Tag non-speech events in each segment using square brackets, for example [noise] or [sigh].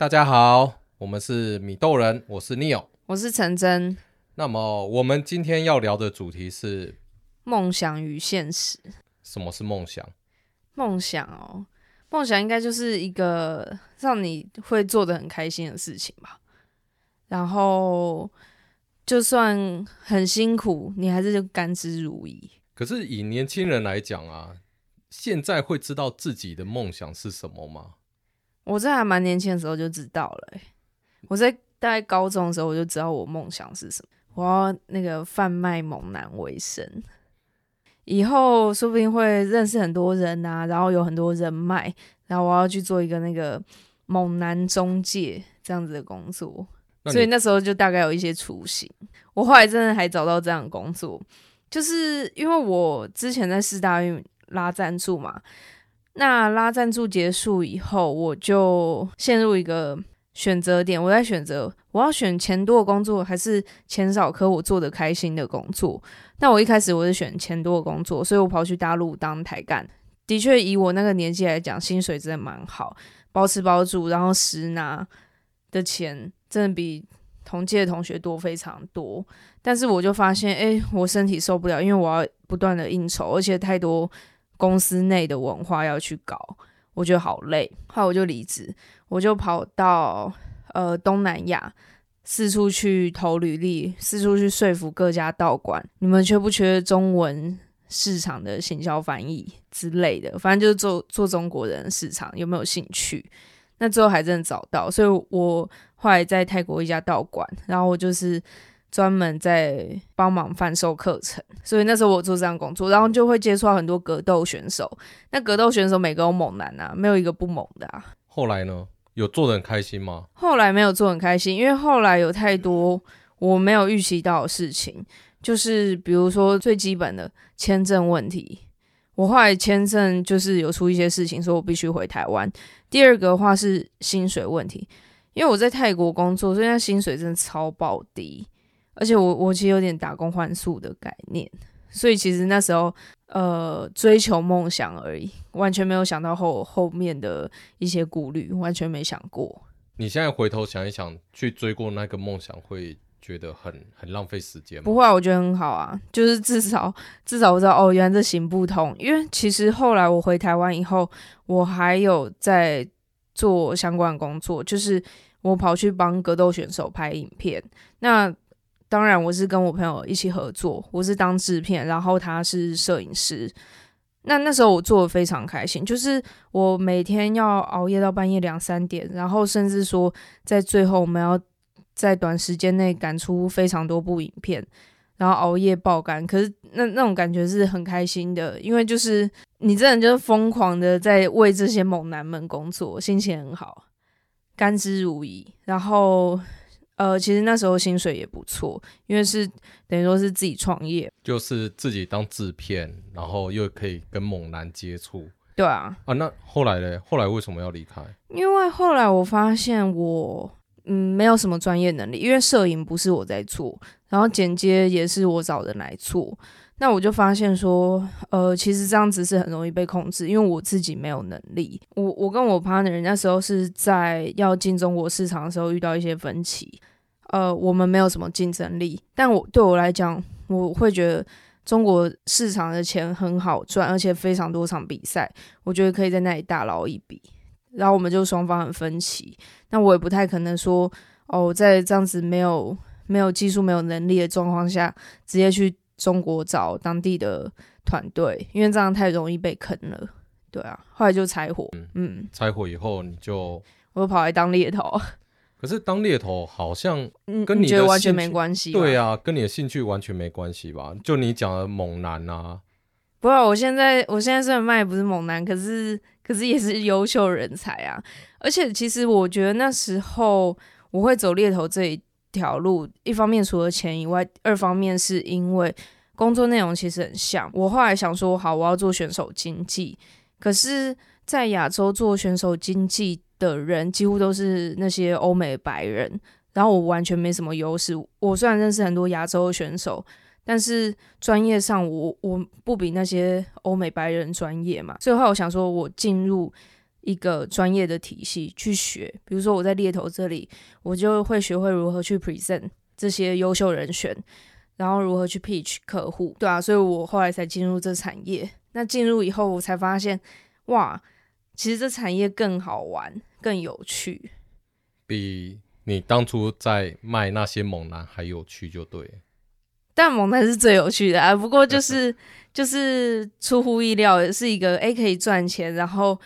大家好，我們是米豆人，我是 Neo，我是陳蓁。那麼我們今天要聊的主題是，是夢、想夢想與現實。什麼是夢想？夢想哦，夢想應該就是一個讓你會做得很開心的事情吧。然後就算很辛苦，你還是就甘之如飴。可是以年輕人來講啊，現在會知道自己的夢想是什麼嗎？我在還蠻年輕的時候就知道了，欸。我在大概高中的時候，我就知道我夢想是什麼。我要那個販賣猛男為生，以後說不定會認識很多人吶，啊，然後有很多人脈，然後我要去做一個那個猛男中介這樣子的工作。所以那時候就大概有一些雛形。我後來真的還找到這樣的工作，就是因為我之前在世大運拉贊助嘛。那拉贊助結束以後，我就陷入一個選擇點，我在選擇我要選錢多的工作，還是錢少可我做的開心的工作。那我一開始我是選錢多的工作，所以我跑去大陸當台幹。的確，以我那個年紀來講，薪水真的蠻好，包吃包住，然後實拿的錢真的比同屆的同學多非常多。但是我就發現，哎，我身體受不了，因為我要不斷的應酬，而且太多。公司內的文化要去搞，我覺得好累，後來我就離職，我就跑到呃東南亞，四處去投履歷，四處去說服各家道館，你們缺不缺中文市場的行銷翻譯之類的？反正就是做做中國人市場，有沒有興趣？那最後還真的找到，所以我後來在泰國一家道館，然後我就是。專門在幫忙販售課程，所以那時候我做這樣工作，然後就會接觸到很多格鬥選手。那格鬥選手每個都猛男啊，沒有一個不猛的啊。後來呢，有做的很開心嗎？後來沒有做得很開心，因為後來有太多我沒有預期到的事情，就是比如說最基本的簽證問題，我後來簽證就是有出一些事情，說我必須回台灣。第二個的話是薪水問題，因為我在泰國工作，所以那薪水真的超爆低。而且我我其實有點打工換宿的概念，所以其實那時候呃追求夢想而已，完全沒有想到後後面的一些顧慮，完全沒想過。你現在回頭想一想，去追過那個夢想，會覺得很很浪費時間嗎？不會啊，我覺得很好啊，就是至少至少我知道哦，原來這行不通。因為其實後來我回台灣以後，我還有在做相關的工作，就是我跑去幫格鬥選手拍影片，那。當然，我是跟我朋友一起合作，我是當製片，然後他是攝影師。那那時候我做的非常開心，就是我每天要熬夜到半夜兩三點，然後甚至說在最後我們要在短時間內趕出非常多部影片，然後熬夜爆肝。可是那那種感覺是很開心的，因為就是你真的就是瘋狂的在為這些猛男們工作，心情很好，甘之如飴。然後。呃，其實那時候薪水也不錯，因為是等於說是自己創業，就是自己當制片，然後又可以跟猛男接觸。對啊，啊，那後來呢？後來為什麼要離開？因為後來我發現我嗯沒有什麼專業能力，因為攝影不是我在做，然後剪接也是我找人來做，那我就發現說，呃，其實這樣子是很容易被控制，因為我自己沒有能力。我我跟我 partner 人那時候是在要進中國市場的時候遇到一些分歧。呃，我們沒有什麼競爭力，但我對我來講，我會覺得中國市場的錢很好賺，而且非常多場比賽，我覺得可以在那裡大撈一筆。然後我們就雙方很分歧，那我也不太可能說哦，在這樣子沒有沒有技術、沒有能力的狀況下，直接去中國找當地的團隊，因為這樣太容易被坑了。對啊，後來就拆夥，嗯，嗯，拆夥以後你就我就跑來當獵頭。可是當獵頭好像跟你的興趣、嗯、你覺得完全沒關係，對啊，跟你的興趣完全沒關係吧？就你講的猛男啊，不過，我現在我現在雖然賣不是猛男，可是可是也是優秀人才啊。而且其實我覺得那時候我會走獵頭這一條路，一方面除了錢以外，二方面是因為工作內容其實很像。我後來想說，好，我要做選手經紀。可是在亞洲做選手經紀的人幾乎都是那些歐美白人，然後我完全沒什麼優勢。我雖然認識很多亞洲的選手，但是專業上我我不比那些歐美白人專業嘛。所以後來我想說我進入一個專業的體系去學，比如說我在獵頭這裡，我就會學會如何去 present 這些優秀人選，然後如何去 pitch 客戶，對啊。所以我後來才進入這產業，那進入以後我才發現，哇。其實這產業更好玩，更有趣，比你當初在賣那些猛男還有趣，就對。但猛男是最有趣的啊，不過就是 [laughs] 就是出乎意料，是一個誒、欸，可以賺錢，然後。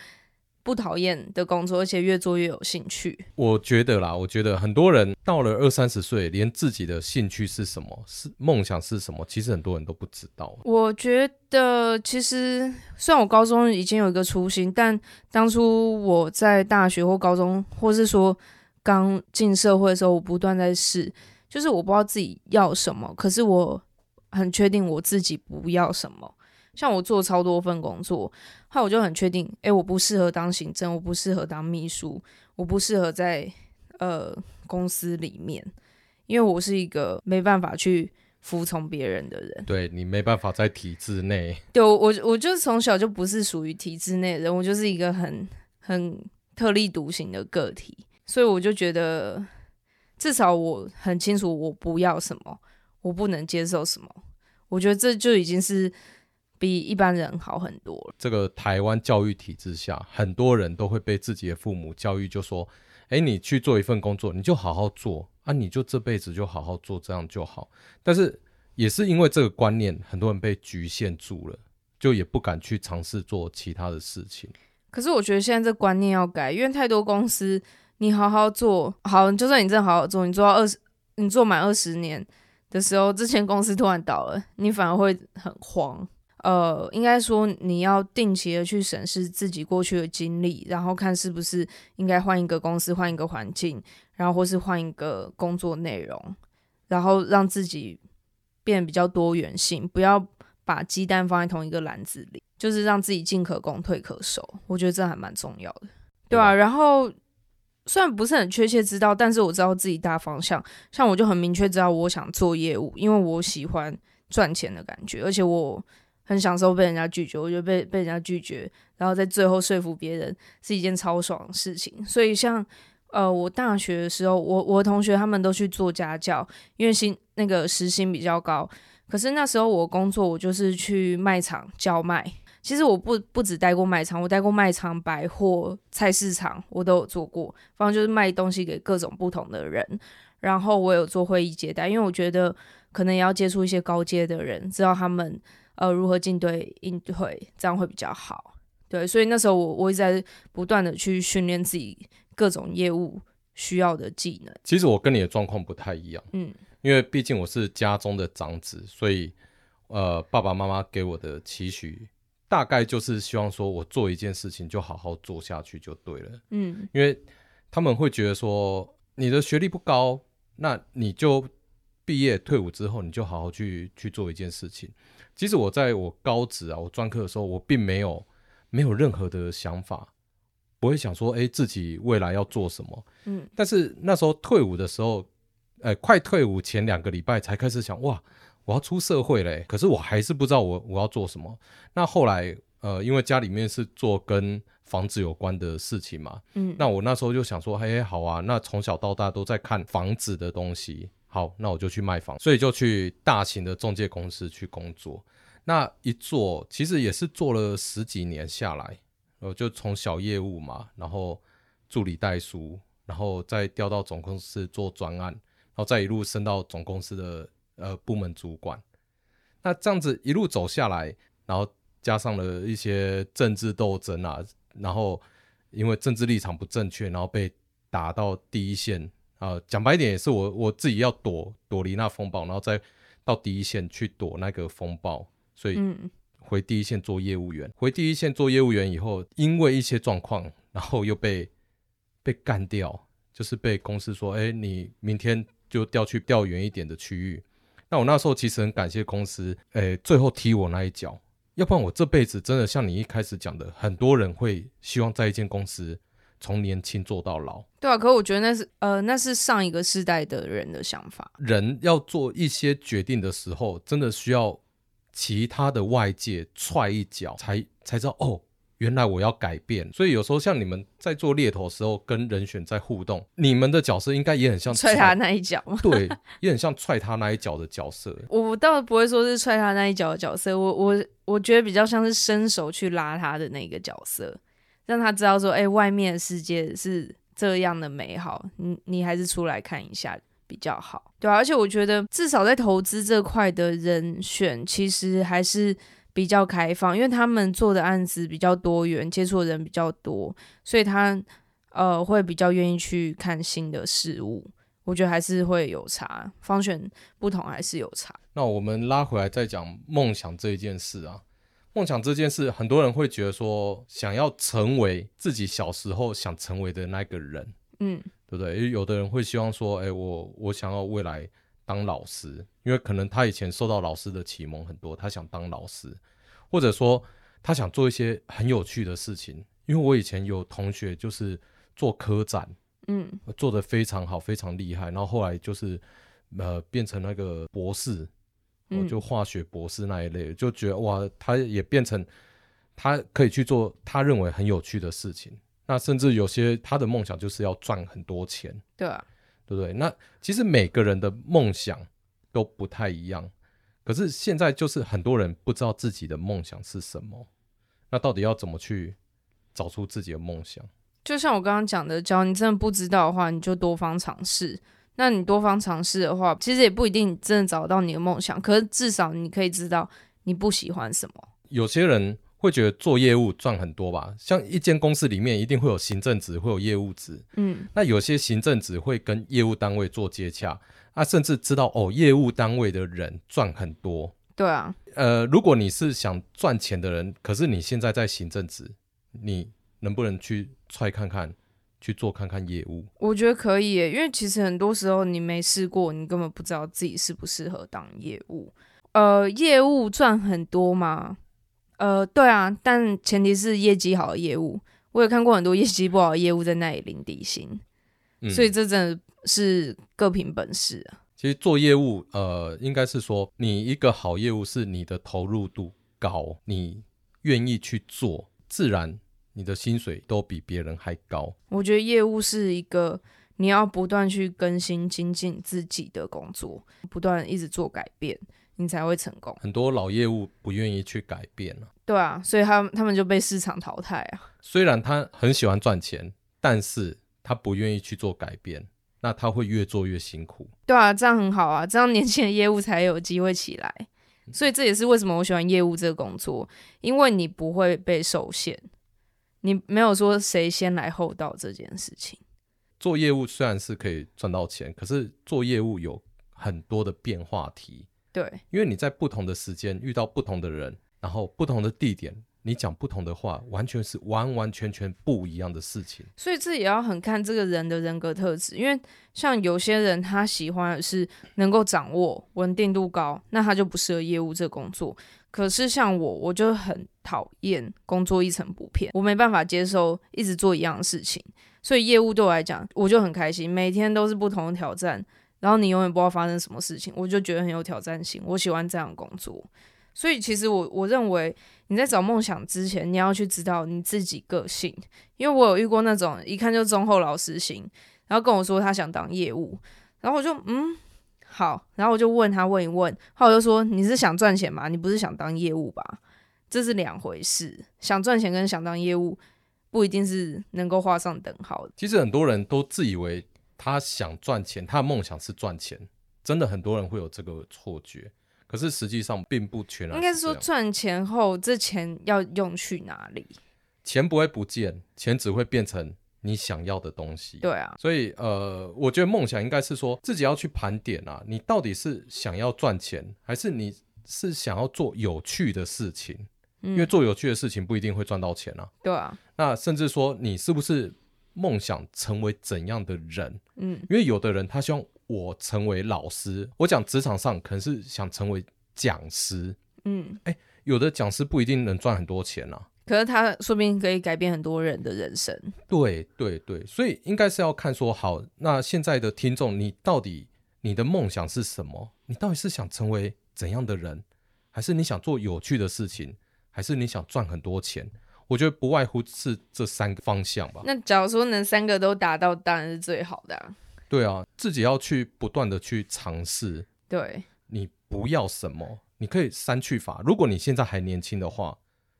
不討厭的工作，而且越做越有興趣。我覺得啦，我覺得很多人到了二三十歲，連自己的興趣是什麼、是夢想是什麼，其實很多人都不知道。我覺得其實，雖然我高中已經有一個初心，但當初我在大學或高中，或是說剛進社會的時候，我不斷在試，就是我不知道自己要什麼，可是我很確定我自己不要什麼。像我做超多份工作，然後我就很確定，哎、欸，我不適合當行政，我不適合當秘書，我不適合在呃公司裡面，因為我是一個沒辦法去服從別人的人。對，你沒辦法在體制內。對，我我就從小就不是屬於體制內的人，我就是一個很很特立獨行的個體，所以我就覺得，至少我很清楚我不要什麼，我不能接受什麼，我覺得這就已經是。比一般人好很多，這個台灣教育體制下，很多人都會被自己的父母教育，就說：“哎，你去做一份工作，你就好好做啊，你就這輩子就好好做，這樣就好。”但是也是因為這個觀念，很多人被局限住了，就也不敢去嘗試做其他的事情。可是我覺得現在這觀念要改，因為太多公司，你好好做好，就算你真的好好做，你做到二十，你做滿二十年的時候，之前公司突然倒了，你反而會很慌。呃，應該說你要定期的去審視自己過去的經歷，然後看是不是應該換一個公司、換一個環境，然後或是換一個工作內容，然後讓自己變得比較多元性，不要把雞蛋放在同一個籃子裡，就是讓自己進可攻、退可守。我覺得這還蠻重要的，對啊。對啊，然後雖然不是很確切知道，但是我知道自己大方向。像我就很明確知道我想做業務，因為我喜歡賺錢的感覺，而且我。很享受被人家拒絕，我就被被人家拒絕，然後在最後說服別人是一件超爽的事情。所以像呃，我大學的時候，我我的同學他們都去做家教，因為薪那個時薪比較高。可是那時候我工作，我就是去賣場叫賣。其實我不不止待過賣場，我待過賣場、百貨、菜市場，我都有做過。反正就是賣東西給各種不同的人。然後我有做會議接待，因為我覺得可能也要接觸一些高階的人，知道他們。呃，如何進隊應對，這樣會比較好，對，所以那時候我我一直在不斷的去訓練自己各種業務需要的技能。其實我跟你的狀況不太一樣，嗯，因為畢竟我是家中的長子，所以呃，爸爸媽媽給我的期許大概就是希望說我做一件事情就好好做下去就對了，嗯，因為他們會覺得說你的學歷不高，那你就畢業退伍之後，你就好好去去做一件事情。其實我在我高職啊，我專科的時候，我並沒有沒有任何的想法，不會想說，欸，自己未來要做什麼。嗯，但是那時候退伍的時候，欸，快退伍前兩個禮拜才開始想，哇，我要出社會嘞！可是我還是不知道我我要做什麼。那後來，呃，因為家裡面是做跟房子有關的事情嘛，嗯，那我那時候就想說，欸，好啊，那從小到大都在看房子的東西。好，那我就去賣房，所以就去大型的仲介公司去工作。那一做，其實也是做了十幾年下來，我就從小業務嘛，然後助理代書，然後再調到總公司做專案，然後再一路升到總公司的呃部門主管。那這樣子一路走下來，然後加上了一些政治鬥爭啊，然後因為政治立場不正確，然後被打到第一線。啊、呃，講白一點也是我我自己要躲躲離那風暴，然後再到第一線去躲那個風暴，所以回第一線做業務員，嗯、回第一線做業務員以後，因為一些狀況，然後又被被幹掉，就是被公司說，哎、欸，你明天就調去調遠一點的區域。那我那時候其實很感謝公司，哎、欸，最後踢我那一腳，要不然我這輩子真的像你一開始講的，很多人會希望在一間公司。從年輕做到老，對啊，可我覺得那是呃，那是上一個世代的人的想法。人要做一些決定的時候，真的需要其他的外界踹一腳，才才知道哦，原來我要改變。所以有時候像你們在做獵頭的時候，跟人選在互動，你們的角色應該也很像踹，踹他那一腳嗎？對，也很像踹他那一腳的角色。 [laughs] 我倒不會說是踹他那一腳的角色，我我我覺得比較像是伸手去拉他的那個角色。讓他知道說，欸，外面的世界是這樣的美好，你你還是出來看一下比較好，對啊，而且我覺得，至少在投資這塊的人選，其實還是比較開放，因為他們做的案子比較多元，接觸的人比較多，所以他呃會比較願意去看新的事物。我覺得還是會有差，方選不同還是有差。那我們拉回來再講夢想這一件事啊。夢想這件事，很多人會覺得說，想要成為自己小時候想成為的那個人，嗯，對不對？有的人會希望說，哎、欸，我我想要未來當老師，因為可能他以前受到老師的啟蒙很多，他想當老師，或者說他想做一些很有趣的事情。因為我以前有同學就是做科展，嗯，做得非常好，非常厲害，然後後來就是，呃，變成那個博士。我就化學博士那一類，嗯、就覺得哇，他也變成他可以去做他認為很有趣的事情。那甚至有些他的夢想就是要賺很多錢，對、嗯、啊，對不對？那其實每個人的夢想都不太一樣，可是現在就是很多人不知道自己的夢想是什麼，那到底要怎麼去找出自己的夢想？就像我剛剛講的，只要你真的不知道的話，你就多方嘗試。那你多方嘗試的話，其實也不一定真的找得到你的夢想，可是至少你可以知道你不喜歡什麼。有些人會覺得做業務賺很多吧，像一間公司裡面一定會有行政職，會有業務職，嗯，那有些行政職會跟業務單位做接洽，啊，甚至知道哦，業務單位的人賺很多。對啊。呃，如果你是想賺錢的人，可是你現在在行政職，你能不能去踹看看？去做看看業務，我覺得可以耶，因為其實很多時候你沒試過，你根本不知道自己適不適合當業務。呃，業務賺很多嗎？呃，對啊，但前提是業績好的業務。我有看過很多業績不好的業務在那裡領底薪，所以這真的是各憑本事啊。嗯，其實做業務，呃，應該是說你一個好業務是你的投入度高，你願意去做，自然。你的薪水都比別人還高。我覺得業務是一個你要不斷去更新、精進自己的工作，不斷一直做改變，你才會成功。很多老業務不願意去改變啊。對啊，所以他們他們就被市場淘汰啊。雖然他很喜歡賺錢，但是他不願意去做改變，那他會越做越辛苦。對啊，這樣很好啊，這樣年輕的業務才有機會起來。所以這也是為什麼我喜歡業務這個工作，因為你不會被受限。你沒有說誰先來後到這件事情。做業務雖然是可以賺到錢，可是做業務有很多的變化題。對，因為你在不同的時間遇到不同的人，然後不同的地點，你講不同的話，完全是完完全全不一樣的事情。所以這也要很看這個人的人格特質，因為像有些人他喜歡的是能夠掌握，穩定度高，那他就不適合業務這個工作。可是像我，我就很討厭工作一成不變，我沒辦法接受一直做一樣的事情，所以業務對我來講，我就很開心，每天都是不同的挑戰，然後你永遠不知道發生什麼事情，我就覺得很有挑戰性，我喜歡這樣的工作。所以其實我我認為你在找夢想之前，你要去知道你自己個性，因為我有遇過那種一看就忠厚老實型，然後跟我說他想當業務，然後我就嗯。好，然後我就問他，問一問，後來我就說，你是想賺錢嗎？你不是想當業務吧？這是兩回事，想賺錢跟想當業務不一定是能夠畫上等號的。其實很多人都自以為他想賺錢，他的夢想是賺錢，真的很多人會有這個錯覺，可是實際上並不全然。應該是說賺錢後，這錢要用去哪裡？錢不會不見，錢只會變成。你想要的東西，對啊，所以呃，我覺得夢想應該是說自己要去盤點啊，你到底是想要賺錢，還是你是想要做有趣的事情？嗯、因為做有趣的事情不一定會賺到錢啊。對啊，那甚至說你是不是夢想成為怎樣的人？嗯，因為有的人他希望我成為老師，我講職場上可能是想成為講師。嗯，哎、欸，有的講師不一定能賺很多錢啊。可是他說不定可以改變很多人的人生。對對對，所以應該是要看說好，那現在的聽眾，你到底你的夢想是什麼？你到底是想成為怎樣的人，還是你想做有趣的事情，還是你想賺很多錢？我覺得不外乎是這三個方向吧。那假如說能三個都達到，當然是最好的，啊。對啊，自己要去不斷的去嘗試。對，你不要什麼，你可以刪去法。如果你現在還年輕的話，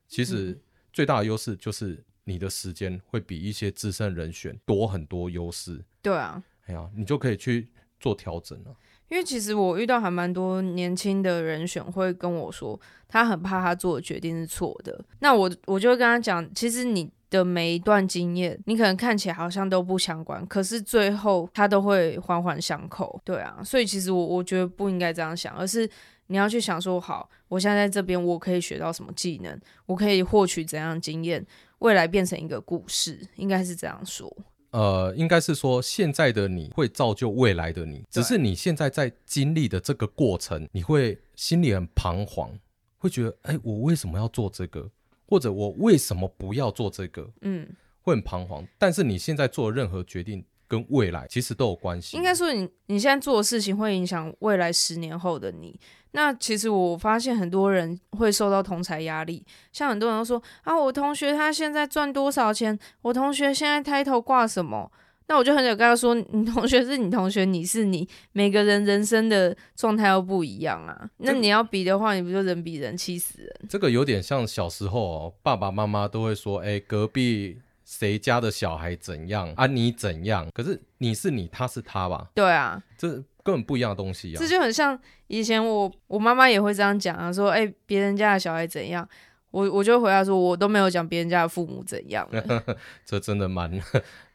其實、嗯。最大的優勢就是你的時間會比一些資深人選多很多優勢。對啊，哎呀，你就可以去做調整了。因為其實我遇到還蠻多年輕的人選會跟我說，他很怕他做的決定是錯的。那我我就會跟他講，其實你的每一段經驗，你可能看起來好像都不相關，可是最後他都會環環相扣。對啊，所以其實我我覺得不應該這樣想，而是。你要去想說，好，我現在在這邊，我可以學到什麼技能，我可以獲取怎樣的經驗，未來變成一個故事，應該是這樣說。呃，應該是說現在的你會造就未來的你，只是你現在在經歷的這個過程，你會心裡很彷徨，會覺得，哎，我為什麼要做這個，或者我為什麼不要做這個，嗯，會很彷徨。但是你現在做任何決定。跟未來其實都有關係，應該說你你現在做的事情會影響未來十年後的你。那其實我發現很多人會受到同儕壓力，像很多人都說啊，我同學他現在賺多少錢，我同學現在抬頭掛什麼。那我就很少跟他說，你同學是你同學，你是你，每個人人生的狀態都不一樣啊。那你要比的話，你不就人比人氣死人？這個有點像小時候哦，爸爸媽媽都會說，誒，隔壁。誰家的小孩怎樣啊？你怎樣？可是你是你，他是他吧？對啊，這根本不一樣的東西啊！這就很像以前我我媽媽也會這樣講啊，說哎，別人家的小孩怎樣？我我就回答說，我都沒有講別人家的父母怎樣呵呵。這真的蠻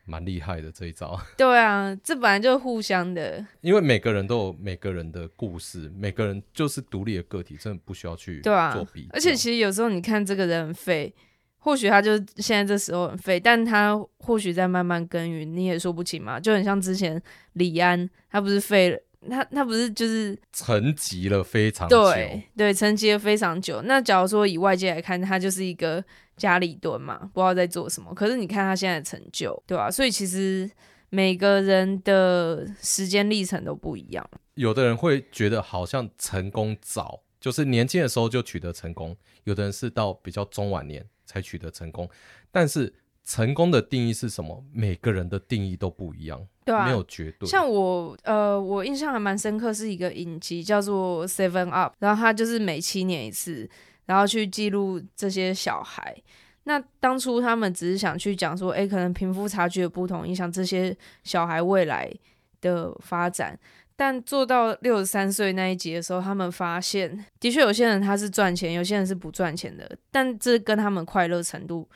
蠻厲害的這一招。對啊，這本來就互相的，因為每個人都有每個人的故事，每個人就是獨立的個體，真的不需要去做比較。對啊。而且其實有時候你看這個人很廢。或許他就是現在這時候很廢，但他或許在慢慢耕耘，你也說不清嘛。就很像之前李安，他不是廢了，他他不是就是沉寂了非常久，對對，沉寂了非常久。那假如說以外界來看，他就是一個家裡蹲嘛，不知道在做什麼。可是你看他現在的成就，對吧，啊？所以其實每個人的時間歷程都不一樣。有的人會覺得好像成功早，就是年輕的時候就取得成功；有的人是到比較中晚年，才取得成功，但是成功的定義是什麼？每個人的定義都不一樣，對啊，沒有絕對。像我，呃，我印象還蠻深刻，是一個影集叫做《Seven Up》，然後他就是每七年一次，然後去記錄這些小孩。那當初他們只是想去講說，誒，可能貧富差距的不同影響這些小孩未來的發展。但做到六十三歲那一集的時候，他們發現，的確有些人他是賺錢，有些人是不賺錢的，但這跟他們快樂程度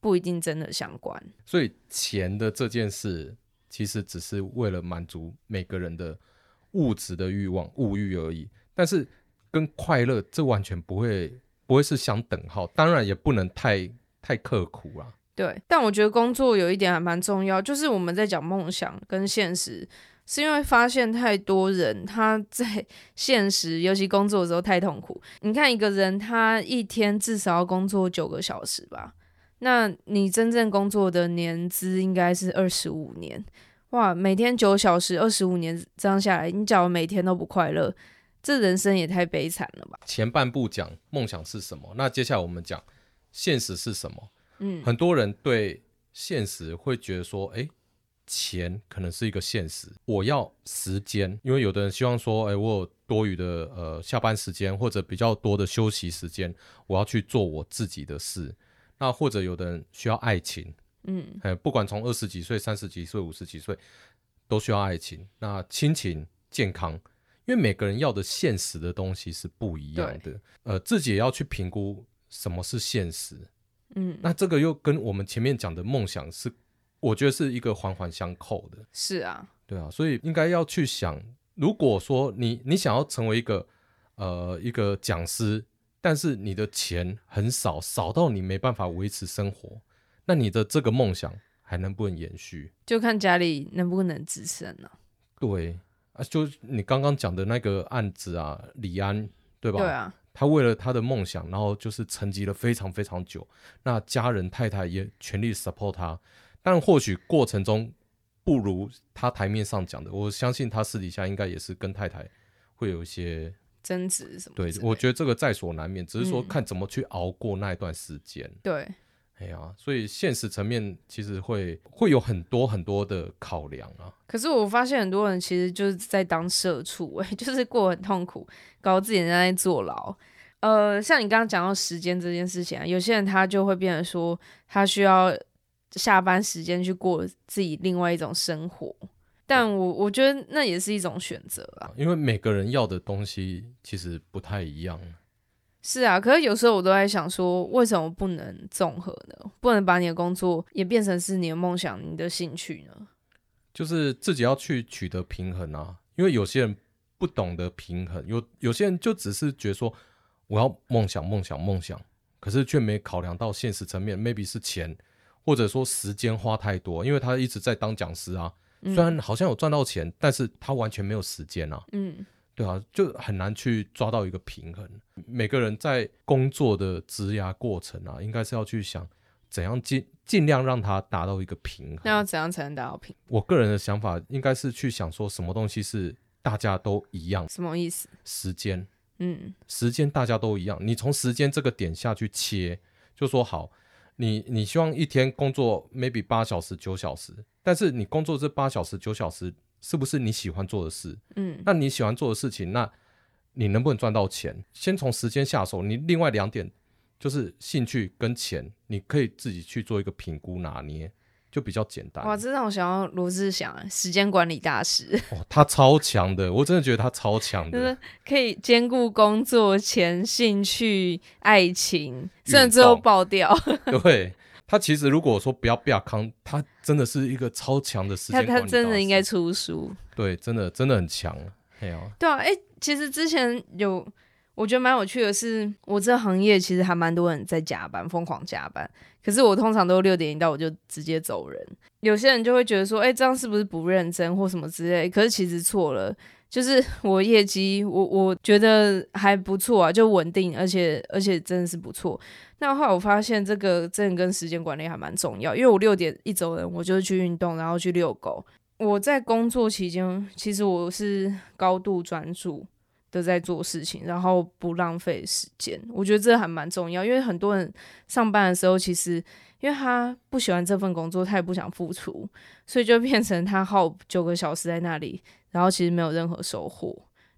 不一定真的相關。所以，錢的這件事其實只是為了滿足每個人的物質的欲望、物欲而已。但是，跟快樂這完全不會不會是相等號，當然也不能太太刻苦啊。對，但我覺得工作有一點還蠻重要，就是我們在講夢想跟現實。是因為發現太多人他在現實，尤其工作的時候太痛苦。你看一個人，他一天至少要工作九個小時吧？那你真正工作的年資應該是二十五年，哇！每天九小時，二十五年這樣下來，你只要每天都不快樂，這人生也太悲慘了吧？前半部講夢想是什麼，那接下來我們講現實是什麼。嗯，很多人對現實會覺得說，哎、欸。錢可能是一個現實，我要時間，因為有的人希望說，哎，我有多餘的呃下班時間或者比較多的休息時間，我要去做我自己的事。那或者有的人需要愛情，嗯，呃，不管從二十幾歲、三十幾歲、五十幾歲，都需要愛情。那親情、健康，因為每個人要的現實的東西是不一樣的，呃，自己也要去評估什麼是現實。嗯，那這個又跟我們前面講的夢想是。我覺得是一個環環相扣的，是啊，對啊，所以應該要去想，如果說你你想要成為一個呃一個講師，但是你的錢很少，少到你沒辦法維持生活，那你的這個夢想還能不能延續？就看家裡能不能支持了。對啊，就你剛剛講的那個案子啊，李安對吧？對啊，他為了他的夢想，然後就是沉寂了非常非常久，那家人太太也全力 support 他。但或許過程中不如他台面上講的，我相信他私底下應該也是跟太太會有一些爭執什麼。對，我覺得這個在所難免，嗯，只是說看怎麼去熬過那一段時間。對，哎呀，所以現實層面其實會會有很多很多的考量啊。可是我發現很多人其實就是在當社畜，哎，就是過很痛苦，搞得自己人在坐牢。呃，像你剛剛講到時間這件事情啊，有些人他就會變成說他需要。下班時間去過自己另外一種生活，但我我覺得那也是一種選擇啊。因為每個人要的東西其實不太一樣。是啊，可是有時候我都在想，說為什麼不能綜合呢？不能把你的工作也變成是你的夢想、你的興趣呢？就是自己要去取得平衡啊。因為有些人不懂得平衡，有有些人就只是覺得說我要夢想、夢想、夢想，可是卻沒考量到現實層面，maybe 是錢。或者說時間花太多，因為他一直在當講師啊、嗯，雖然好像有賺到錢，但是他完全沒有時間啊。嗯，對啊，就很難去抓到一個平衡。每個人在工作的職涯過程啊，應該是要去想怎樣盡盡量讓他達到一個平衡。那要怎樣才能達到平衡？我個人的想法應該是去想說，什麼東西是大家都一樣的？什麼意思？時間，嗯，時間大家都一樣。你從時間這個點下去切，就說好。你你希望一天工作 maybe 八小時九小時，但是你工作這八小時九小時是不是你喜歡做的事？嗯，那你喜歡做的事情，那你能不能賺到錢？先從時間下手，你另外兩點就是興趣跟錢，你可以自己去做一個評估拿捏。就比較簡單。哇，這讓我想到羅志祥，時間管理大師。哦，他超強的，我真的覺得他超強的，就是可以兼顧工作、錢、興趣、愛情，甚至之後爆掉。對，他其實如果說不要不要康，他真的是一個超強的時間管理大師。他真的應該出書。對，真的真的很強。沒有。對啊、欸，其實之前有。我覺得蠻有趣的是，我這行業其實還蠻多人在加班，瘋狂加班。可是我通常都六點一到，我就直接走人。有些人就會覺得說，欸，這樣是不是不認真或什麼之類？可是其實錯了，就是我業績，我我覺得還不錯啊，就穩定，而且而且真的是不錯。那後來我發現，這個真的跟時間管理還蠻重要，因為我六點一走人，我就去運動，然後去遛狗。我在工作期間，其實我是高度專注。都在做事情，然後不浪費時間，我覺得這還蠻重要，因為很多人上班的時候，其實因為他不喜歡這份工作，他也不想付出，所以就變成他耗九個小時在那裡，然後其實沒有任何收穫，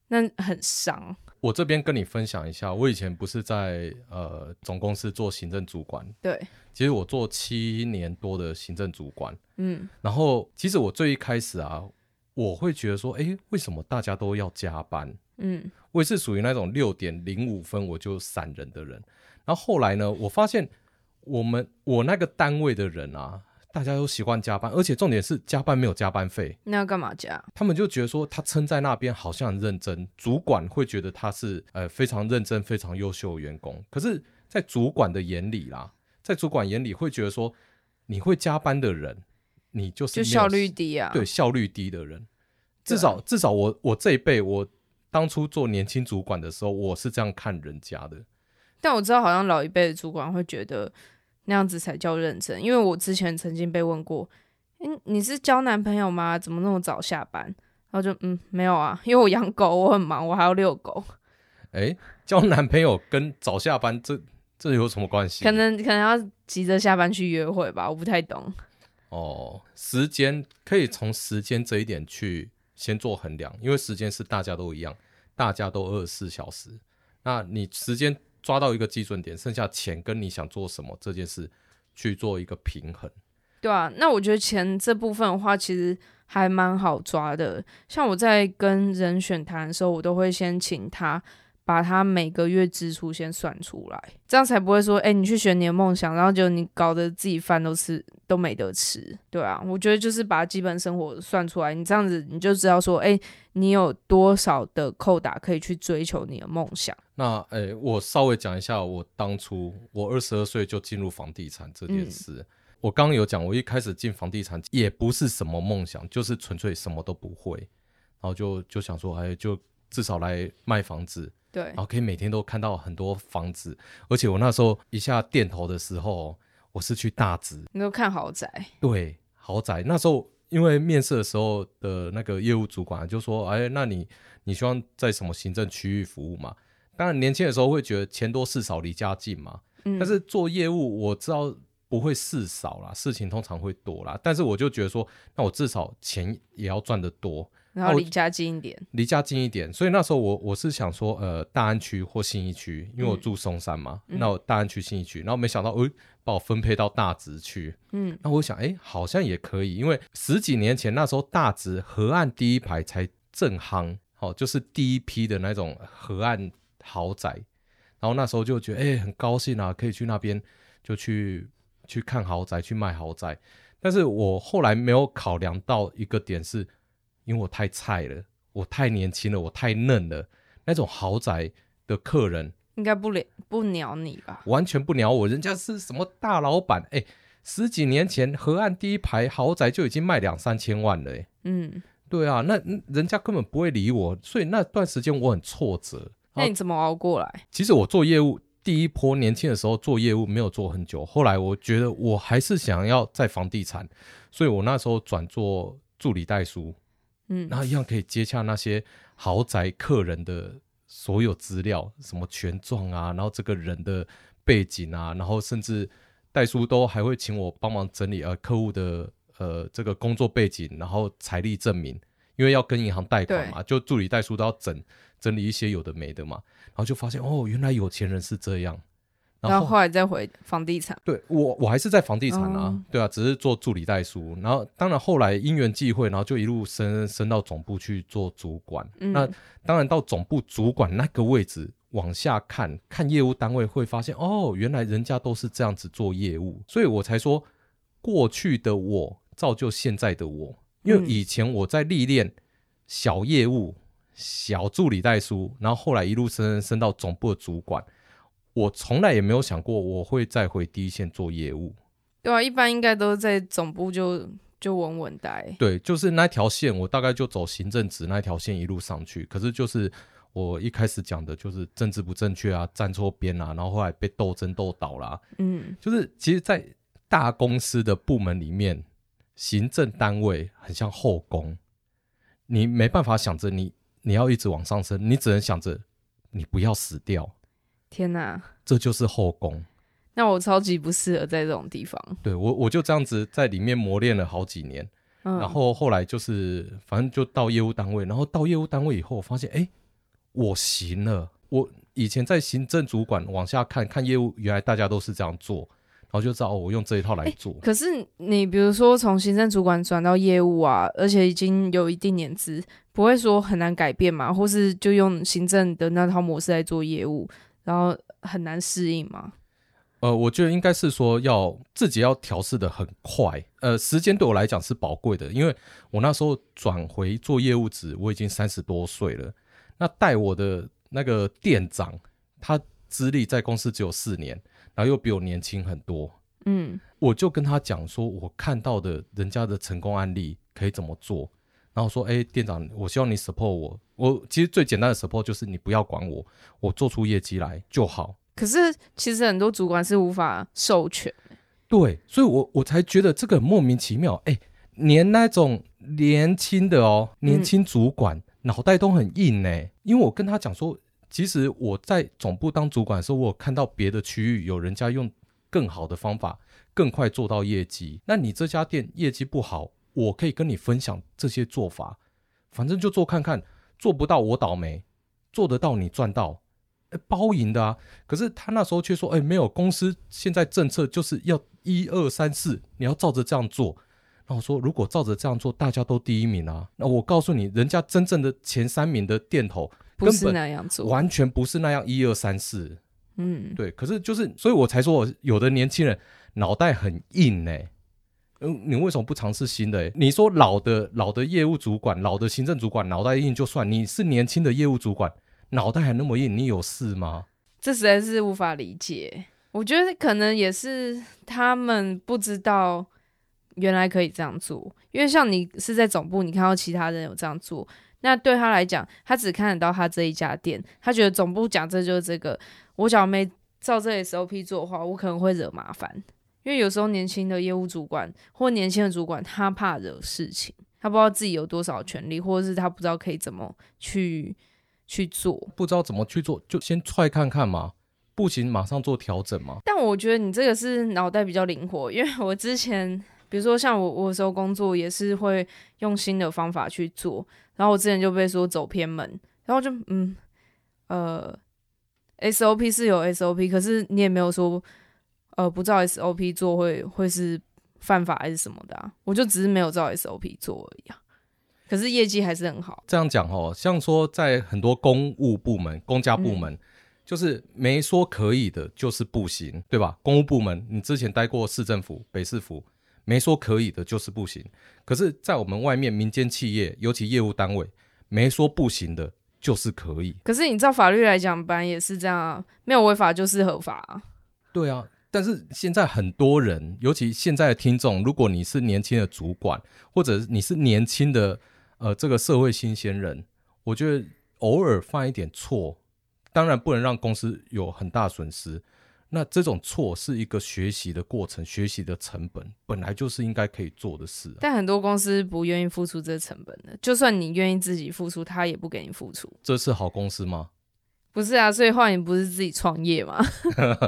那很傷。我這邊跟你分享一下，我以前不是在呃總公司做行政主管，對，其實我做七年多的行政主管，嗯，然後其實我最一開始啊，我會覺得說，哎，為什麼大家都要加班？嗯，我也是屬於那種六點零五分我就閃人的人。然後後來呢，我發現我們我那個單位的人啊，大家都習慣加班，而且重點是加班沒有加班費。那要幹嘛加？他們就覺得說他撐在那邊好像很認真，主管會覺得他是呃非常認真、非常優秀的員工。可是，在主管的眼裡啦，在主管眼裡會覺得說，你會加班的人，你就是就效率低啊。對，效率低的人，至少至少我我這一輩我。當初做年輕主管的時候，我是這樣看人家的。但我知道，好像老一輩的主管會覺得那樣子才叫認真。因為我之前曾經被問過：“哎，你是交男朋友嗎？怎麼那麼早下班？”然後就嗯，沒有啊，因為我養狗，我很忙，我還要遛狗。欸，交男朋友跟早下班這這有什麼關係？ [laughs] 可能可能要急着下班去約會吧？我不太懂。哦，時間可以從時間這一點去，先做衡量，因為時間是大家都一樣，大家都二十四小時。那你時間抓到一個基準點，剩下錢跟你想做什麼這件事去做一個平衡。對啊，那我覺得錢這部分的話，其實還蠻好抓的。像我在跟人選談的時候，我都會先請他。把它每個月支出先算出來，這樣才不會說，哎、欸，你去選你的夢想，然後就你搞得自己飯都吃都沒得吃。對啊，我覺得就是把基本生活算出來，你這樣子你就知道說，哎、欸，你有多少的扣打可以去追求你的夢想。那，哎、欸，我稍微講一下，我當初我二十二歲就進入房地產這件事，嗯、我剛剛有講，我一開始進房地產也不是什麼夢想，就是純粹什麼都不會，然後就就想說，哎、欸，就至少來賣房子。對，然後可以每天都看到很多房子，而且我那時候一下店頭的時候，我是去大直，你都看豪宅。對，豪宅那時候，因為面試的時候的那個業務主管就說：“哎，那你你希望在什麼行政區域服務嘛？”當然，年輕的時候會覺得錢多事少，離家近嘛。嗯。但是做業務我知道不會事少啦，事情通常會多啦。但是我就覺得說，那我至少錢也要賺得多。然後離家近一點，離家近一點，所以那時候我我是想說，呃，大安區或信義區，因為我住松山嘛，嗯、那我大安區、信義區，然後沒想到，誒、哎，把我分配到大直區，嗯，那我想，哎，好像也可以，因為十幾年前那時候大直河岸第一排才正夯，好、哦，就是第一批的那種河岸豪宅，然後那時候就覺得，哎，很高興啊，可以去那邊就去去看豪宅，去賣豪宅，但是我後來沒有考量到一個點是。因為我太菜了，我太年輕了，我太嫩了。那種豪宅的客人應該不鳥不鳥你吧？完全不鳥我，人家是什麼大老闆？誒，十幾年前河岸第一排豪宅就已經賣兩三千萬了誒。嗯，對啊，那人家根本不會理我，所以那段時間我很挫折。然後那你怎麼熬過來？其實我做業務第一波年輕的時候做業務沒有做很久，後來我覺得我還是想要在房地產，所以我那時候轉做助理代書。嗯，然後一樣可以接洽那些豪宅客人的所有資料，什麼權狀啊，然後這個人的背景啊，然後甚至代書都還會請我幫忙整理呃客戶的呃這個工作背景，然後財力證明，因為要跟銀行貸款嘛，就助理代書都要整整理一些有的沒的嘛，然後就發現哦，原來有錢人是這樣。然後,然後後來再回房地產，對我我還是在房地產啊、哦，對啊，只是做助理代書。然後當然後來因緣際會，然後就一路升升到總部去做主管。嗯、那當然到總部主管那個位置往下看，看業務單位會發現哦，原來人家都是這樣子做業務，所以我才說過去的我造就現在的我、嗯，因為以前我在歷練小業務、小助理代書，然後後來一路升升到總部的主管。我從來也沒有想過我會再回第一線做業務。對啊，一般應該都是在總部就就穩穩待。對，就是那條線，我大概就走行政職那條線一路上去。可是就是我一開始講的就是政治不正確啊，站錯邊啊，然後後來被鬥爭鬥倒啦啊。嗯，就是其實，在大公司的部門裡面，行政單位很像後宮，你沒辦法想着你你要一直往上升，你只能想着你不要死掉。天哪，這就是後宮。那我超級不適合在這種地方。對我，我就這樣子在裡面磨練了好幾年，嗯，然後後來就是反正就到業務單位，然後到業務單位以後我發現，哎，我行了。我以前在行政主管往下看看業務，原來大家都是這樣做，然後就知道我用這一套來做。可是你比如說從行政主管轉到業務啊，而且已經有一定年資，不會說很難改變嘛？或是就用行政的那套模式來做業務？然後很難適應嗎？呃，我覺得應該是說，要自己要調試的很快。呃，時間對我來講是寶貴的，因為我那時候轉回做業務職，我已經三十多歲了。那帶我的那個店長，他資歷在公司只有四年，然後又比我年輕很多。嗯，我就跟他講說，我看到的人家的成功案例可以怎麼做。然後說，哎、欸，店長，我希望你 support 我。我其實最簡單的 support 就是你不要管我，我做出業績來就好。可是其實很多主管是無法授權。對，所以我我才覺得這個莫名其妙。哎、欸，連那種年輕的哦，年輕主管、嗯、腦袋都很硬呢、欸。因為我跟他講說，其實我在總部當主管的時候，我有看到別的區域有人家用更好的方法，更快做到業績。那你這家店業績不好。我可以跟你分享這些做法，反正就做看看，做不到我倒霉，做得到你賺到，欸、包贏的啊！可是他那時候卻說：“哎、欸，沒有公司現在政策就是要一二三四，你要照着這樣做。”那我說：“如果照着這樣做，大家都第一名啊！”那我告訴你，人家真正的前三名的店頭根本不是那樣做，完全不是那樣一二三四。嗯，對。可是就是，所以我才說我有的年輕人腦袋很硬呢、欸。嗯，你為什麼不嘗試新的、欸？你說老的老的業務主管、老的行政主管腦袋硬就算，你是年輕的業務主管，腦袋還那麼硬，你有事嗎？這實在是無法理解。我覺得可能也是他們不知道原來可以這樣做，因為像你是在總部，你看到其他人有這樣做，那對他來講，他只看得到他這一家店，他覺得總部講這就是這個，我假如沒照這 SOP 做的話，我可能會惹麻煩。因為有時候年輕的業務主管或年輕的主管，他怕惹事情，他不知道自己有多少權力，或者是他不知道可以怎麼去去做，不知道怎麼去做，就先踹看看嘛，不行馬上做調整嘛。但我覺得你這個是腦袋比較靈活，因為我之前，比如說像我，我有時候工作也是會用新的方法去做，然後我之前就被說走偏門，然後就嗯，呃，SOP 是有 SOP，可是你也沒有說。呃，不照 SOP 做會會是犯法還是什麼的，啊？我就只是沒有照 SOP 做而已，啊，可是業績還是很好。這樣講哦，像說在很多公務部門、公家部門，嗯、就是沒說可以的，就是不行，對吧？公務部門，你之前待過市政府、北市府，沒說可以的，就是不行。可是，在我們外面民間企業，尤其業務單位，沒說不行的，就是可以。可是你照法律來講，本來也是這樣，啊，沒有違法就是合法，啊。對啊。但是現在很多人，尤其現在的聽眾，如果你是年輕的主管，或者你是年輕的，呃，這個社會新鮮人，我覺得偶爾犯一點錯，當然不能讓公司有很大損失。那這種錯是一個學習的過程，學習的成本本來就是應該可以做的事啊。但很多公司不願意付出這成本的，就算你願意自己付出，他也不給你付出。這是好公司嗎？不是啊，所以換你不是自己創業嗎？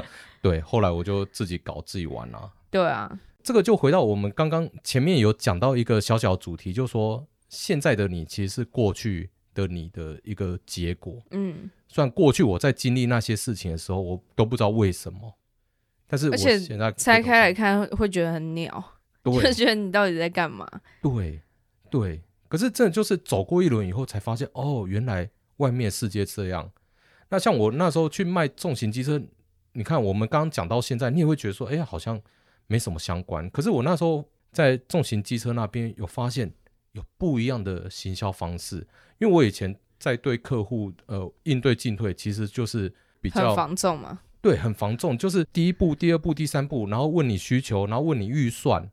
[laughs] [laughs] 對，後來我就自己搞自己玩啦，啊。對啊，這個就回到我們剛剛前面有講到一個小小主題，就是說，現在的你其實是過去的你的一個結果。嗯，雖然過去我在經歷那些事情的時候，我都不知道為什麼，但是而且現在拆開來看會覺得很鳥，會覺得你到底在幹嘛？對，對，可是這就是走過一輪以後才發現，哦，原來外面世界這樣。那像我那時候去賣重型機車，你看我們剛剛講到現在，你也會覺得說，哎呀，好像沒什麼相關。可是我那時候在重型機車那邊有發現有不一樣的行銷方式，因為我以前在對客戶呃應對進退，其實就是比較很防重嘛。對，很防重，就是第一步、第二步、第三步，然後問你需求，然後問你預算。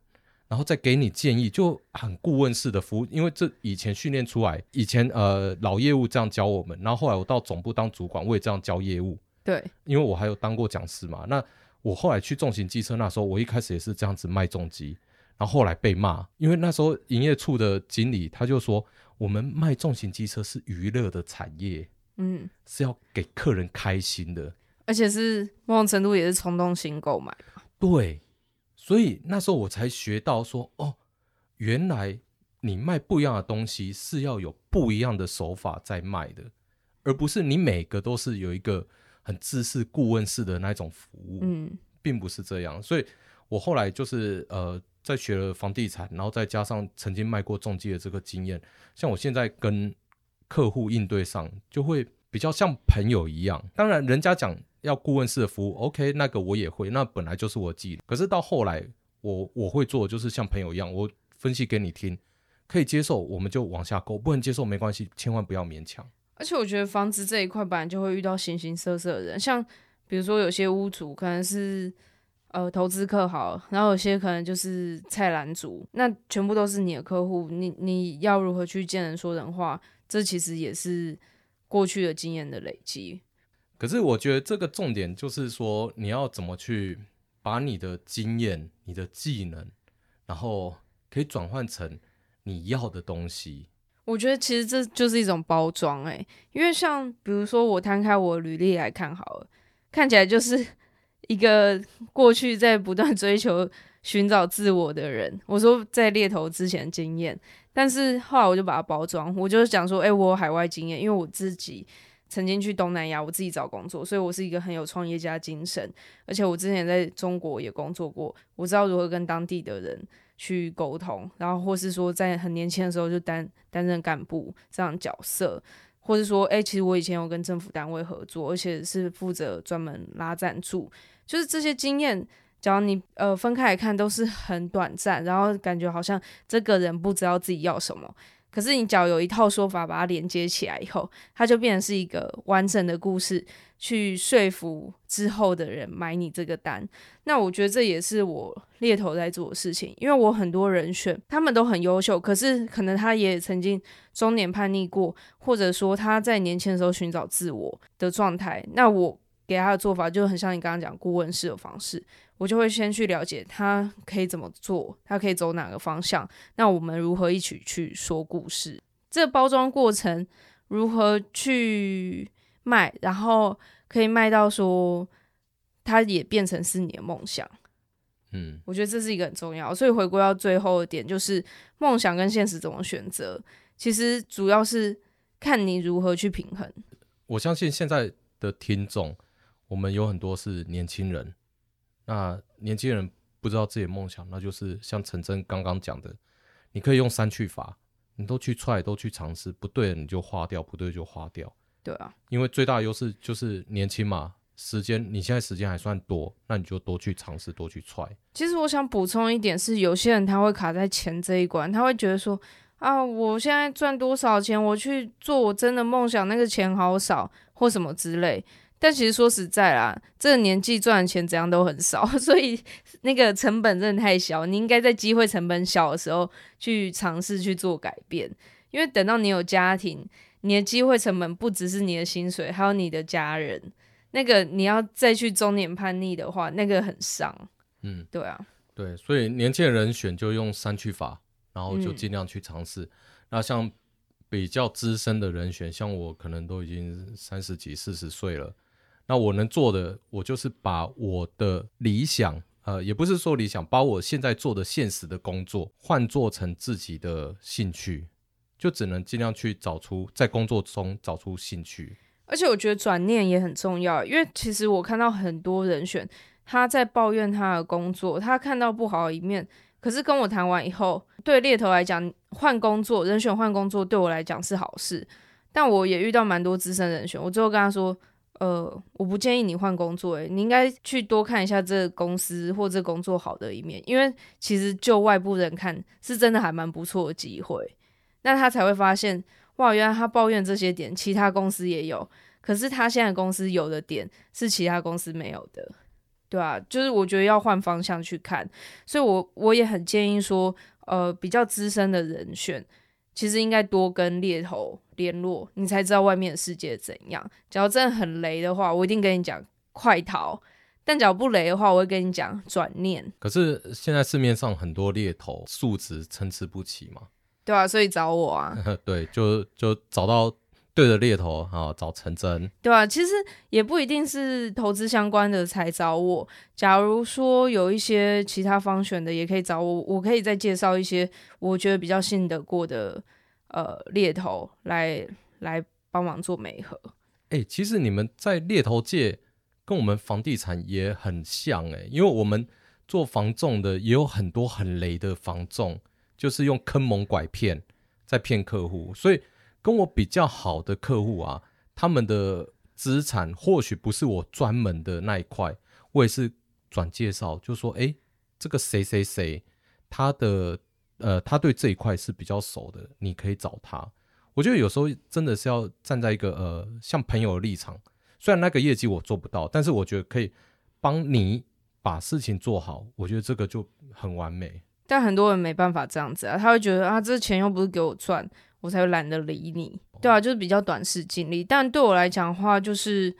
然後再給你建議，就很顧問式的服務，因為這以前訓練出來，以前呃老業務這樣教我們，然後後來我到總部當主管，我也這樣教業務。對，因為我還有當過講師嘛。那我後來去重型機車那時候，我一開始也是這樣子賣重機，然後後來被罵，因為那時候營業處的經理他就說，我們賣重型機車是娛樂的產業，嗯，是要給客人開心的，而且是某種程度也是衝動性購買嘛。對。所以那時候我才學到說哦，原來你賣不一樣的東西是要有不一樣的手法在賣的，而不是你每個都是有一個很知識顧問式的那一種服務，並不是這樣。所以，我後來就是呃，在學了房地產，然後再加上曾經賣過重機的這個經驗，像我現在跟客戶應對上就會。比較像朋友一樣，當然人家講要顧問式的服務，OK，那個我也會，那本來就是我記的。可是到後來我，我我會做就是像朋友一樣，我分析給你聽，可以接受我們就往下勾，不能接受沒關係，千萬不要勉強。而且我覺得房子這一塊本來就會遇到形形色色的人，像比如說有些屋主可能是呃投資客好，然後有些可能就是菜籃族，那全部都是你的客戶，你你要如何去見人說人話，這其實也是，過去的經驗的累積，可是我覺得這個重點就是說，你要怎麼去把你的經驗、你的技能，然後可以轉換成你要的東西。我覺得其實這就是一種包裝欸，因為像比如說我攤開我履歷來看好了，看起來就是一個過去在不斷追求、尋找自我的人。我說在獵頭之前經驗。但是後來我就把它包裝，我就是講說，哎、欸，我有海外經驗，因為我自己曾經去東南亞，我自己找工作，所以我是一個很有創業家的精神。而且我之前在中國也工作過，我知道如何跟當地的人去溝通，然後或是說在很年輕的時候就擔擔任幹部這樣角色，或是說，哎、欸，其實我以前有跟政府單位合作，而且是負責專門拉贊助，就是這些經驗。只要你呃分開來看都是很短暫，然後感覺好像這個人不知道自己要什麼。可是你只要有一套說法，把它連接起來以後，它就變成是一個完整的故事，去說服之後的人買你這個單。那我覺得這也是我獵頭在做的事情，因為我很多人選他們都很優秀，可是可能他也曾經中年叛逆過，或者說他在年輕的時候尋找自我的狀態。那我給他的做法就很像你剛剛講顧問式的方式。我就會先去了解他可以怎麼做，他可以走哪個方向。那我們如何一起去說故事？這個包裝過程如何去賣，然後可以賣到說，他也變成是你的夢想。嗯，我覺得這是一個很重要。所以回歸到最後一點，就是夢想跟現實怎麼選擇。其實主要是看你如何去平衡。我相信現在的聽眾，我們有很多是年輕人。那年輕人不知道自己的夢想，那就是像陳蓁剛剛講的，你可以用刪去法，你都去踹，都去嘗試，不對的你就花掉，不對就花掉。對啊，因為最大優勢就是年輕嘛，時間你現在時間還算多，那你就多去嘗試，多去踹。其實我想補充一點是，有些人他會卡在錢這一關，他會覺得說啊、呃，我現在賺多少錢，我去做我真的夢想，那個錢好少或什麼之類。但其實說實在啦，這個年紀賺的錢怎樣都很少，所以那個成本真的太小。你應該在機會成本小的時候去嘗試去做改變，因為等到你有家庭，你的機會成本不只是你的薪水，還有你的家人。那個你要再去中年叛逆的話，那個很傷。嗯，對啊，對，所以年輕人選就用刪去法，然後就盡量去嘗試，嗯。那像比較資深的人選，像我可能都已經三十幾、四十歲了。那我能做的，我就是把我的理想，呃，也不是說理想，把我現在做的現實的工作換做成自己的興趣，就只能盡量去找出在工作中找出興趣。而且我覺得轉念也很重要，因為其實我看到很多人選他在抱怨他的工作，他看到不好的一面，可是跟我談完以後，對獵頭來講換工作，人選換工作對我來講是好事，但我也遇到蠻多資深人選，我最後跟他說。呃，我不建議你換工作，誒，你應該去多看一下這個公司或這工作好的一面，因為其實就外部人看是真的還蠻不錯的機會。那他才會發現，哇，原來他抱怨這些點，其他公司也有，可是他現在公司有的點是其他公司沒有的，對啊，就是我覺得要換方向去看，所以我我也很建議說，呃，比較資深的人選。其實應該多跟獵頭聯絡，你才知道外面的世界怎樣。假如真的很雷的話，我一定跟你講快逃；但假如不雷的話，我會跟你講轉念。可是現在市面上很多獵頭素質參差不齊嘛，對啊，所以找我啊， [laughs] 對，就就找到。對着獵頭啊，找陳蓁，對啊。其實也不一定是投資相關的才找我。假如說有一些其他方選的，也可以找我。我可以再介紹一些我覺得比較信得過的呃獵頭來來幫忙做媒合。哎、欸，其實你們在獵頭界跟我們房地產也很像哎、欸，因為我們做房仲的也有很多很雷的房仲，就是用坑蒙拐騙在騙客戶，所以。跟我比較好的客戶啊，他們的資產或許不是我專門的那一塊，我也是轉介紹，就說哎、欸，這個誰誰誰，他的呃，他對這一塊是比較熟的，你可以找他。我覺得有時候真的是要站在一個呃，像朋友的立場，雖然那個業績我做不到，但是我覺得可以幫你把事情做好，我覺得這個就很完美。但很多人沒辦法這樣子啊，他會覺得啊，這錢又不是給我賺。我才懶得理你。對啊，就是比較短視近利。但對我來講的話，就是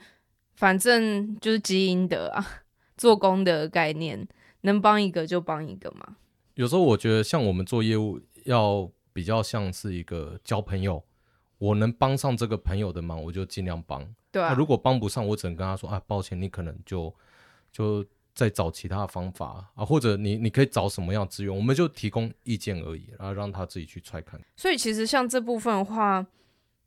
反正就是積陰德啊，做功德的概念，能幫一個就幫一個嘛。有時候我覺得，像我們做業務，要比較像是一個交朋友。我能幫上這個朋友的忙，我就盡量幫。對啊，如果幫不上，我只能跟他說啊、哎，抱歉，你可能就就。再找其他方法啊，或者你你可以找什麼樣資源，我們就提供意見而已，然後讓他自己去 try 看。所以其實像這部分的話，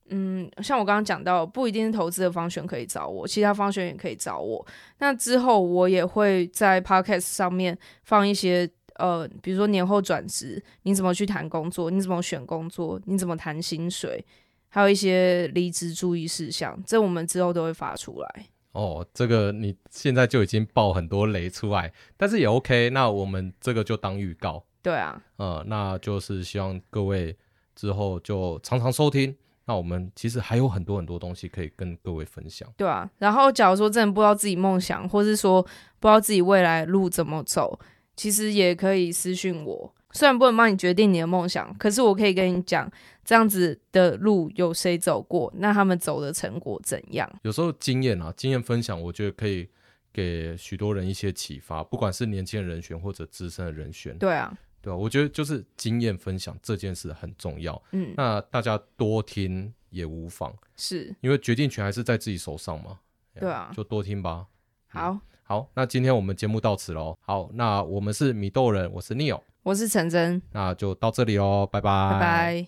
嗯，像我剛剛講到，不一定是投資的方式可以找我，其他方式也可以找我。那之後我也會在 podcast 上面放一些呃，比如說年後轉職，你怎麼去談工作，你怎麼選工作，你怎麼談薪水，還有一些離職注意事項，這我們之後都會發出來。哦，這個你現在就已經爆很多雷出來，但是也 OK。那我們這個就當預告，對啊，呃，那就是希望各位之後就常常收聽。那我們其實還有很多很多東西可以跟各位分享，對啊。然後，假如說真的不知道自己夢想，或是說不知道自己未來路怎麼走，其實也可以私訊我。雖然不能幫你決定你的夢想，可是我可以跟你講，這樣子的路有誰走過？那他們走的成果怎樣？有時候經驗啊，經驗分享，我覺得可以給許多人一些啟發，不管是年輕的人選或者資深的人選。對、嗯、啊，對啊，我覺得就是經驗分享這件事很重要。嗯，那大家多聽也無妨，是因為決定權還是在自己手上嘛？對啊，就多聽吧。嗯、好，好，那今天我們節目到此嘍。好，那我們是米豆人，我是 Neo。我是陳蓁，那就到這裡嘍，拜拜。拜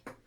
拜。